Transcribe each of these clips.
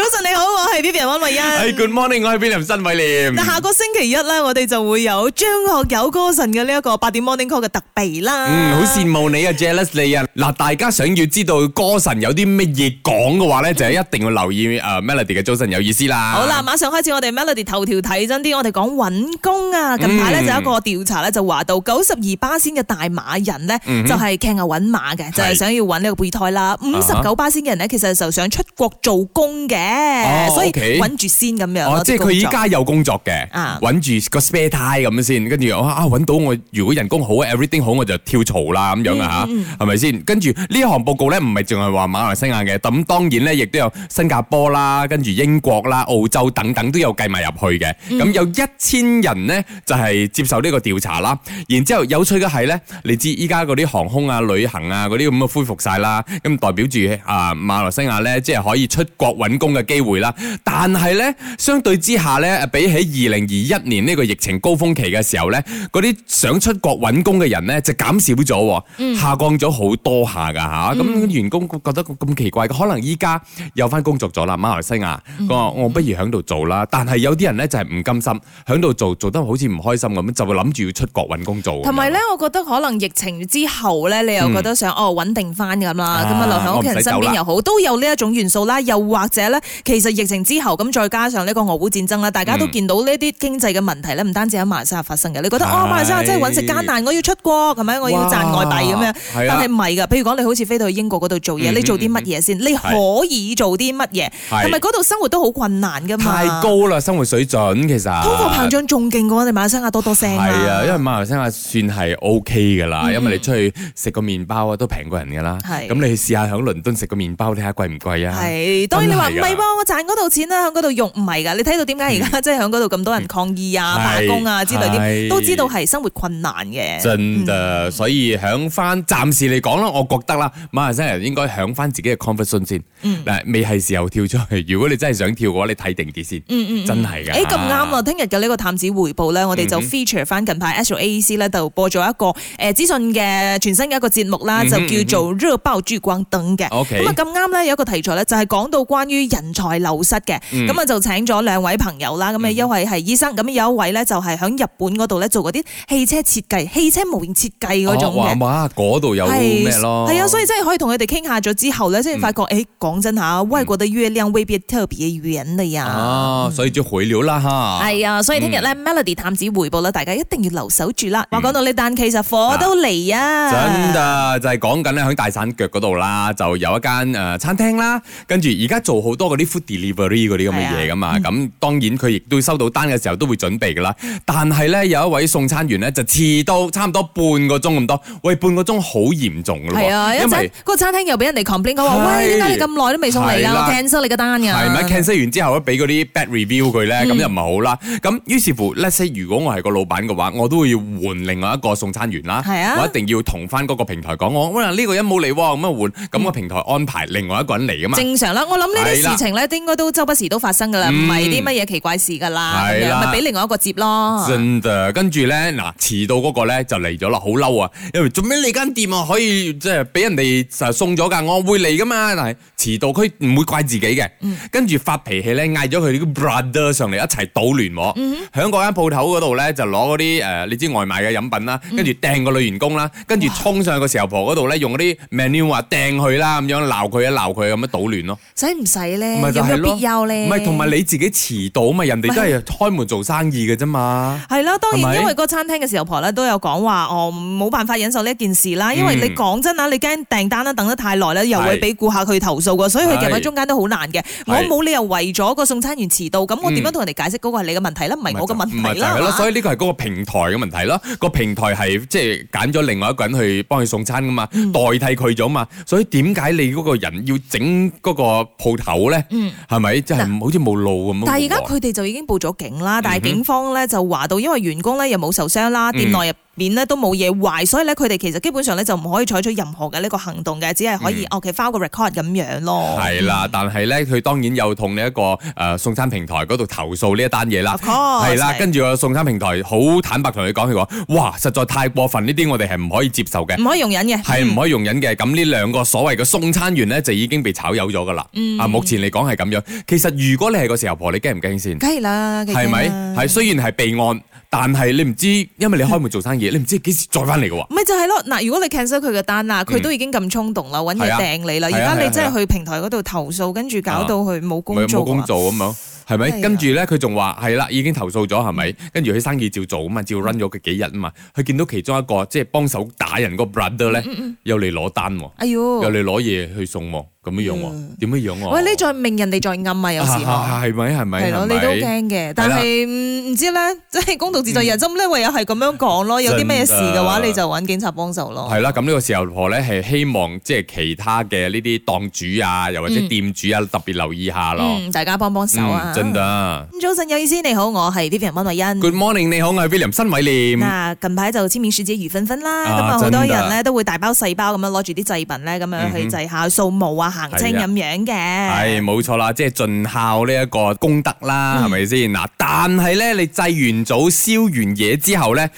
早晨你好，我係 Vivian 溫慧欣。係、hey, Good morning，我係 a n 新偉廉。但下個星期一咧，我哋就會有張學友歌神嘅呢一個八點 Morning Call 嘅特備啦。嗯，好羨慕你啊，jealous 你啊。嗱，大家想要知道歌神有啲乜嘢講嘅話咧，就係一定要留意 Melody 嘅早晨有意思啦。好啦，馬上開始我哋 Melody 頭條睇真啲，我哋講揾工啊。近排咧、嗯、就有一個調查咧就話到九十二巴仙嘅大馬人咧、嗯、哼就係傾下揾馬嘅，就係、是、想要揾呢個備胎啦。五十九巴仙嘅人咧，uh huh. 其實就想出國做工嘅。哦、所以揾 okay? 住先咁樣。哦、即係佢依家有工作嘅，揾、啊、住個 spare time 咁樣先，跟住啊揾到我，如果人工好，everything 好，我就跳槽啦咁樣啊吓，係咪先？跟住呢一項報告咧，唔係淨係話馬來西亞嘅，咁當然咧，亦都有新加坡啦，跟住英國啦，澳洲等等，都有計埋入去嘅。咁、嗯嗯、有一千人呢，就係接受呢個調查啦。然之後有趣嘅係咧，你知依家嗰啲航空啊、旅行啊嗰啲咁啊恢復晒啦，咁代表住啊馬來西亞咧，即係可以出國揾工。嘅機會啦，但係咧，相對之下咧，比起二零二一年呢個疫情高峰期嘅時候咧，嗰啲想出國揾工嘅人咧就減少咗，嗯、下降咗好多下㗎嚇。咁、嗯、員工覺得咁奇怪，可能依家有翻工作咗啦，馬來西亞，嗯、我不如喺度做啦。嗯、但係有啲人咧就係唔甘心，喺度做做得好似唔開心咁，就會諗住要出國揾工做。同埋咧，我覺得可能疫情之後咧，你又覺得想、嗯、哦穩定翻咁啦，咁啊留喺屋企人身邊又、啊、好，都有呢一種元素啦。又或者咧。其實疫情之後咁，再加上呢個俄烏戰爭啦，大家都見到呢啲經濟嘅問題咧，唔單止喺馬來西亞發生嘅。你覺得啊，馬來西亞真係揾食艱難，我要出國，咁樣我要賺外幣咁樣。但係唔係噶，譬如講你好似飛到去英國嗰度做嘢，你做啲乜嘢先？你可以做啲乜嘢？係咪嗰度生活都好困難噶嘛？太高啦，生活水準其實通貨膨脹仲勁過你馬來西亞多多聲。係啊，因為馬來西亞算係 OK 噶啦，因為你出去食個麵包啊，都平過人噶啦。係咁，你去試下響倫敦食個麵包，你睇下貴唔貴啊？係當然你話唔。係喎，我賺嗰度錢啦，喺度用唔係㗎。你睇到點解而家即係喺度咁多人抗議啊、罷工啊之類啲，都知道係生活困難嘅。真所以響翻暫時嚟講啦，我覺得啦，馬雲新人應該響翻自己嘅 conversation 先。嗱，未係時候跳出去。如果你真係想跳嘅話，你睇定啲先。真係㗎。咁啱啊！聽日嘅呢個探子回報咧，我哋就 feature 翻近排 Asia AEC 咧，就播咗一個誒資訊嘅全新嘅一個節目啦，就叫做《熱爆珠光燈》嘅。咁啊，咁啱咧，有一個題材咧，就係講到關於人才流失嘅。咁啊就請咗兩位朋友啦，咁啊因為係醫生，咁有一位咧就係響日本嗰度咧做嗰啲汽車設計、汽車模型設計嗰種嘅。哇，嗰度有咩咯？係啊，所以真係可以同佢哋傾下咗之後咧，先至發覺，誒，講真吓，外國的月亮未必特別嘅圓嚟啊。」所以就回料啦，吓。係啊，所以聽日咧，Melody 探子回報啦，大家一定要留守住啦。話講到呢，但其實火都嚟啊。真噶，就係講緊咧響大山腳嗰度啦，就有一間誒餐廳啦，跟住而家做好多。嗰啲 food delivery 嗰啲咁嘅嘢噶嘛，咁當然佢亦都收到單嘅時候都會準備噶啦。但係咧有一位送餐員咧就遲到差唔多半個鐘咁多，喂半個鐘好嚴重噶咯。係啊，啊因為嗰個餐廳又俾人哋 complain 講話，啊、喂點解你咁耐都未送嚟啦、啊啊？cancel 你嘅單㗎、啊。係咪、啊、cancel 完之後咧俾嗰啲 bad review 佢咧，咁就唔好啦。咁、嗯、於是乎，let’s say 如果我係個老闆嘅話，我都會要換另外一個送餐員啦。係啊，我一定要同翻嗰個平台講，我嗱呢、呢個人冇嚟喎，咁啊換咁個平台安排、嗯、另外一個人嚟㗎嘛。正常啦，我諗呢啲情咧，應該都周不時都發生噶啦，唔係啲乜嘢奇怪事噶啦，係咪俾的另外一個接咯。跟住咧嗱，遲到嗰個咧就嚟咗啦，好嬲啊！因為做咩你間店啊可以即係俾人哋實送咗㗎，我會嚟噶嘛？但係遲到，佢唔會怪自己嘅。跟住、嗯、發脾氣咧，嗌咗佢啲 brother 上嚟一齊搗亂喎。喺嗰間鋪頭嗰度咧，就攞嗰啲誒，你知外賣嘅飲品啦，跟住掟個女員工啦，跟住、嗯、衝上去個時候婆嗰度咧，用嗰啲 menu 話掟佢啦，咁樣鬧佢啊，鬧佢咁樣搗亂咯。使唔使咧？ 有咩必要咧？唔係同埋你自己遲到啊嘛？人哋都係開門做生意嘅啫嘛。係啦是、啊，當然是是因為個餐廳嘅時候婆咧都有講話哦，冇辦法忍受呢一件事啦。因為你講真啊，你驚訂單啦，等得太耐咧，又會俾顧客去投訴㗎，所以佢夾喺中間都好難嘅。是我冇理由為咗個送餐員遲到，咁我點樣同人哋解釋嗰個係你嘅問題咧？唔係我嘅問題啦。唔係、嗯嗯嗯嗯、所以呢個係嗰個平台嘅問題咯。個平台係即係揀咗另外一個人去幫佢送餐㗎嘛，嗯、代替佢咗嘛。所以點解你嗰個人要整嗰個鋪頭咧？嗯，係咪即係好似冇路咁？但係而家佢哋就已經報咗警啦，但係警方咧就話到，因為員工咧又冇受傷啦，店內入、嗯面咧都冇嘢壞，所以咧佢哋其實基本上咧就唔可以採取任何嘅呢個行動嘅，只係可以哦，佢翻個 record 咁樣咯。係啦，但係咧佢當然又同呢一個誒送餐平台嗰度投訴呢一單嘢啦。係啦，跟住個送餐平台好坦白同佢講，佢講：哇，實在太過分，呢啲我哋係唔可以接受嘅，唔可以容忍嘅，係唔可以容忍嘅。咁呢兩個所謂嘅送餐員咧就已經被炒魷咗㗎啦。啊，目前嚟講係咁樣。其實如果你係個時候婆，你驚唔驚先？梗係啦，係咪？係雖然係備案，但係你唔知，因為你開門做生意。你唔知幾時再翻嚟嘅喎？咪就係咯，嗱，如果你 cancel 佢嘅單啦，佢都已經咁衝動啦，揾嘢掟你啦。而家、啊、你真係去平台嗰度投訴，跟住搞到佢冇工做。冇、啊啊、工做咁樣，係咪？啊、跟住咧，佢仲話係啦，已經投訴咗，係咪？跟住佢生意照做咁啊，照 run 咗佢幾日啊嘛。佢見到其中一個即係、就是、幫手打人個 brother 咧，又嚟攞單喎，哎呦，又嚟攞嘢去送喎。點樣喎？點樣喎？喂，你在明人哋在暗啊！有時候，係咪？係咪？係咯，你都驚嘅。但係唔知咧，即係公道自在人心咧，唯有係咁樣講咯。有啲咩事嘅話，你就揾警察幫手咯。係啦，咁呢個時候，何咧，係希望即係其他嘅呢啲檔主啊，又或者店主啊，特別留意下咯。大家幫幫手啊！真噶。早晨，有意思，你好，我係 Vivian 溫樂欣。Good morning，你好，我係 William 申偉廉。近排就清明時節雨紛紛啦，咁啊，好多人咧都會大包細包咁樣攞住啲祭品咧，咁樣去祭下掃墓啊。行清咁樣嘅，啊，係冇錯啦，即係盡孝呢一個功德啦，係咪先嗱？但係咧，你祭完祖、燒完嘢之後咧。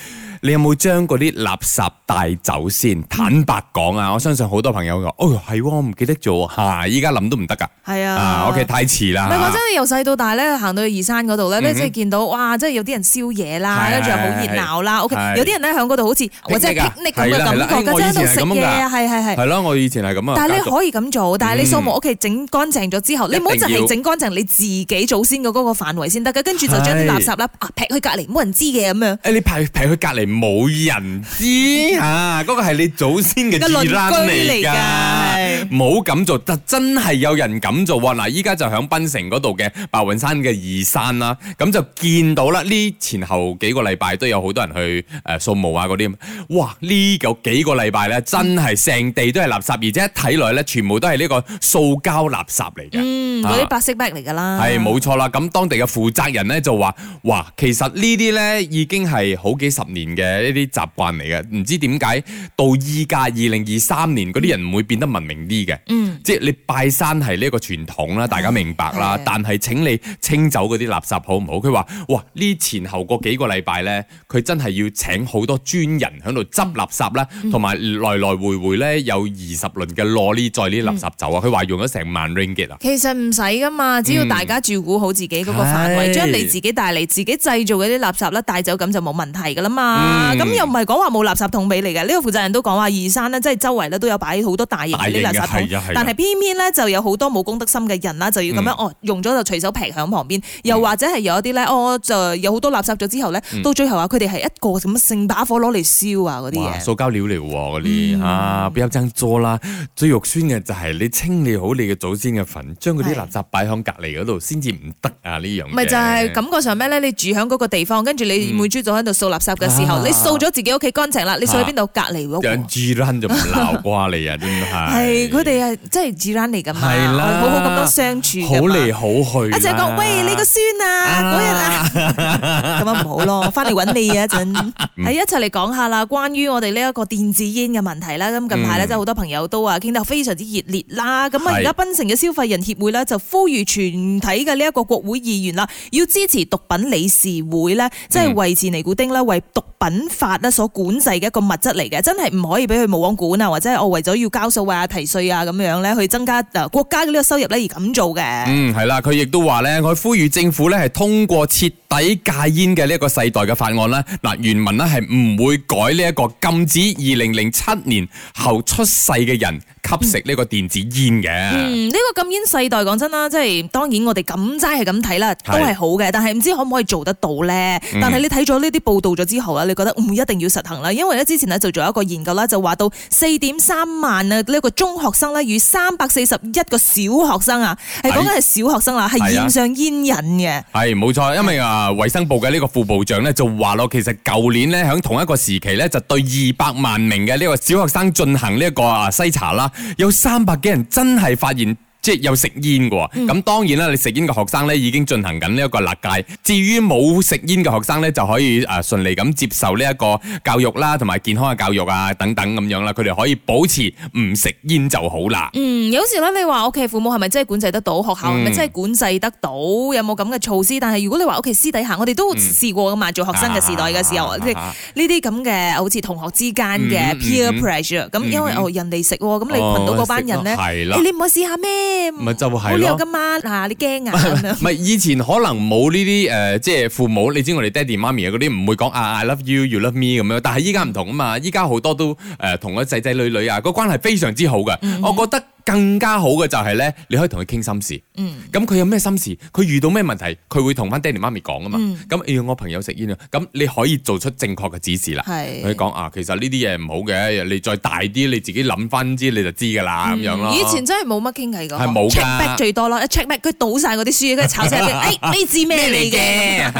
你有冇將嗰啲垃圾帶走先？坦白講啊，我相信好多朋友話，哦，係喎，我唔記得做嚇！依家諗都唔得㗎。係啊，OK，太遲啦。唔係講真，由細到大咧，行到去二山嗰度咧，即係見到，哇，即係有啲人燒嘢啦，跟住又好熱鬧啦。OK，有啲人咧喺嗰度好似或者霹靂咁嘅感覺，即係喺度食嘢啊，係係係。係咯，我以前係咁啊。但係你可以咁做，但係你掃完屋企整乾淨咗之後，你唔好淨係整乾淨你自己祖先嘅嗰個範圍先得㗎，跟住就將啲垃圾啦劈去隔籬，冇人知嘅咁樣。你劈劈去隔籬。冇人知嚇，嗰、 啊嗰個係你祖先嘅字躝嚟噶。.冇咁做，但真係有人咁做喎！嗱，依家就喺檳城嗰度嘅白雲山嘅二山啦，咁就見到啦。呢前後幾個禮拜都有好多人去誒掃墓啊嗰啲，哇！呢個幾個禮拜呢，嗯、真係成地都係垃圾，而且一睇來呢，全部都係呢個塑膠垃圾嚟嘅。嗰啲、嗯啊、白色 bag 嚟㗎啦。係冇錯啦，咁當地嘅負責人呢，就話：哇，其實呢啲呢已經係好幾十年嘅一啲習慣嚟嘅，唔知點解到依家二零二三年嗰啲人唔會變得文明。 明啲嘅，嗯、即係你拜山係呢一個傳統啦，大家明白啦。的但係請你清走嗰啲垃圾好唔好？佢話，哇，呢前後個幾個禮拜咧，佢真係要請好多專人喺度執垃圾啦，同埋、嗯、來來回回咧有二十輪嘅羅厘載呢啲垃圾走啊。佢話、嗯、用咗成萬 ringgit 啊。其實唔使噶嘛，只要大家照顧好自己嗰個範圍，將、嗯、你自己帶嚟自己製造嘅啲垃圾咧帶走，咁就冇問題噶啦嘛。咁、嗯嗯、又唔係講話冇垃圾桶俾你嘅。呢、這個負責人都講話，二山咧即係周圍咧都有擺好多大垃圾桶但係偏偏咧就有好多冇公德心嘅人啦，就要咁樣、嗯、哦，用咗就隨手撇響旁邊，又或者係有一啲咧哦，就有好多垃圾咗之後咧，嗯、到最後繞繞啊，佢哋係一個咁嘅成把火攞嚟燒啊嗰啲嘢。塑膠料嚟喎嗰啲啊，比較爭咗啦。最肉酸嘅就係你清理好你嘅祖先嘅墳，將嗰啲垃圾擺響隔離嗰度先至唔得啊呢樣。唔係就係感覺上咩咧？你住響嗰個地方，跟住你每朝早喺度掃垃圾嘅時候，啊、你掃咗自己屋企乾淨啦，你掃喺邊度隔離嗰個？張紙就唔鬧瓜你啊！真係。佢哋係真係自然嚟噶嘛，的好好咁多相處好嚟好去。我就講喂，你個孫啊，嗰日啊，啊，咁啊唔好咯，翻嚟揾你啊陣。喺、嗯、一齊嚟講一下啦，關於我哋呢一個電子煙嘅問題啦。咁近排咧，真係好多朋友都話傾得非常之熱烈啦。咁啊、嗯，而家檳城嘅消費人協會咧，就呼籲全體嘅呢一個國會議員啦，要支持毒品理事會咧，即係維持尼古丁咧，為毒品法咧所管制嘅一個物質嚟嘅，真係唔可以俾佢冇王管啊，或者我為咗要交數啊稅啊咁樣咧，去增加啊國家嘅呢個收入咧，而咁做嘅。嗯，係啦，佢亦都話咧，佢呼籲政府咧係通過徹底戒煙嘅呢一個世代嘅法案啦。嗱，原文呢，係唔會改呢一個禁止二零零七年後出世嘅人吸食呢個電子煙嘅、嗯。嗯，呢、呢個禁煙世代講真啦，即係當然我哋咁齋係咁睇啦，都係好嘅，的但係唔知可唔可以做得到咧？嗯、但係你睇咗呢啲報道咗之後啊，你覺得唔一定要實行啦，因為咧之前呢，就做一個研究啦，就話到四點三萬啊呢一個中。中學生咧，與三百四十一個小學生啊，係講緊係小學生啊，係染是上煙癮嘅。係冇錯，因為啊，衛生部嘅呢個副部長咧就話咯，其實舊年咧響同一個時期咧，就對二百萬名嘅呢個小學生進行呢、這、一個啊篩查啦，有三百幾人真係發現。即係有食煙嘅喎，咁、嗯、當然啦！你食煙嘅學生咧已經進行緊呢一個勒戒。至於冇食煙嘅學生咧，就可以誒順利咁接受呢一個教育啦，同埋健康嘅教育啊等等咁樣啦。佢哋可以保持唔食煙就好啦。嗯，有時咧，你話屋企父母係咪真係管制得到？嗯、學校係咪真係管制得到？有冇咁嘅措施？但係如果你話屋企私底下，我哋都試過噶嘛，嗯、做學生嘅時代嘅時候，即係呢啲咁嘅，好似同學之間嘅 peer pressure，咁、嗯嗯嗯嗯嗯、因為哦人哋食喎，咁你問到嗰班人咧，哦、你唔去試下咩？咪、嗯、就係咯，今晚啊，你驚啊？咪 以前可能冇呢啲誒，即係父母，你知我哋爹哋媽咪啊嗰啲唔會講啊，I love you，you you love me 咁樣。但係依家唔同啊嘛，依家好多都誒、呃，同個仔仔女女啊，個關係非常之好噶。嗯、我覺得。更加好嘅就係咧，你可以同佢傾心事。嗯，咁佢有咩心事，佢遇到咩問題，佢會同翻爹哋媽咪講啊嘛。咁、嗯、要我朋友食煙啊，咁你可以做出正確嘅指示啦。係是，佢講啊，其實呢啲嘢唔好嘅，你再大啲，你自己諗翻啲你就知㗎啦咁樣咯、嗯。以前真係冇乜傾偈嘅，係冇㗎。Check back 最多咯，一 check back 佢倒晒嗰啲書，佢炒晒啲，哎呢支咩嚟嘅？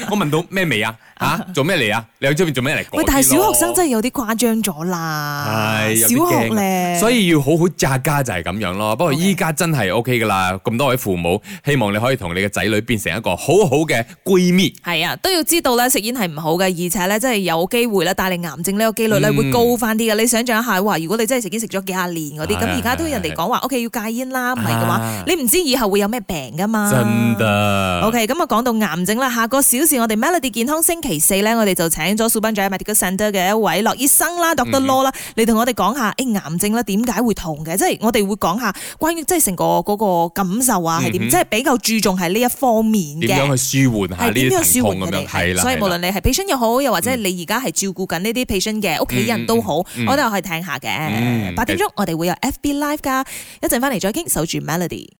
我聞到咩味啊？.吓，做咩嚟啊？你喺出邊做咩嚟？喂，但係小學生真係有啲誇張咗啦，小學咧，所以要好好揸家就係咁樣咯。不過依家真係 O K 噶啦，咁 Okay. 多位父母，希望你可以同你嘅仔女變成一個好好嘅閨蜜。係啊，都要知道咧，食煙係唔好嘅，而且咧真係有機會咧，帶嚟癌症呢個幾率咧會高翻啲嘅。嗯、你想象一下，話如果你真係食煙食咗幾廿年嗰啲，咁而、啊、家都人哋講話 O K 要戒煙啦，唔係嘅話，你唔知以後會有咩病噶嘛？真嘅的。O K，咁啊講到癌症啦，下個小時我哋 Melody 健康星期。其四咧，我哋就請咗數班長 Medical Center 嘅一位劉醫生啦，Dr. Law 啦，你同、mm hmm. 我哋講下，誒、欸，癌症咧點解會痛嘅？即、就、係、是、我哋會講下關於即係成個嗰個感受啊，係點、mm？Hmm. 即係比較注重係呢一方面嘅，點樣去舒緩下呢個疼痛嘅？係啦，所以無論你係 patient 又好，又或者你而家係照顧緊呢啲 patient 嘅屋企人都好，mm hmm. 我都係聽下嘅。八、mm hmm. 點鐘我哋會有 FB Live 噶，一陣翻嚟再傾，守住 Melody。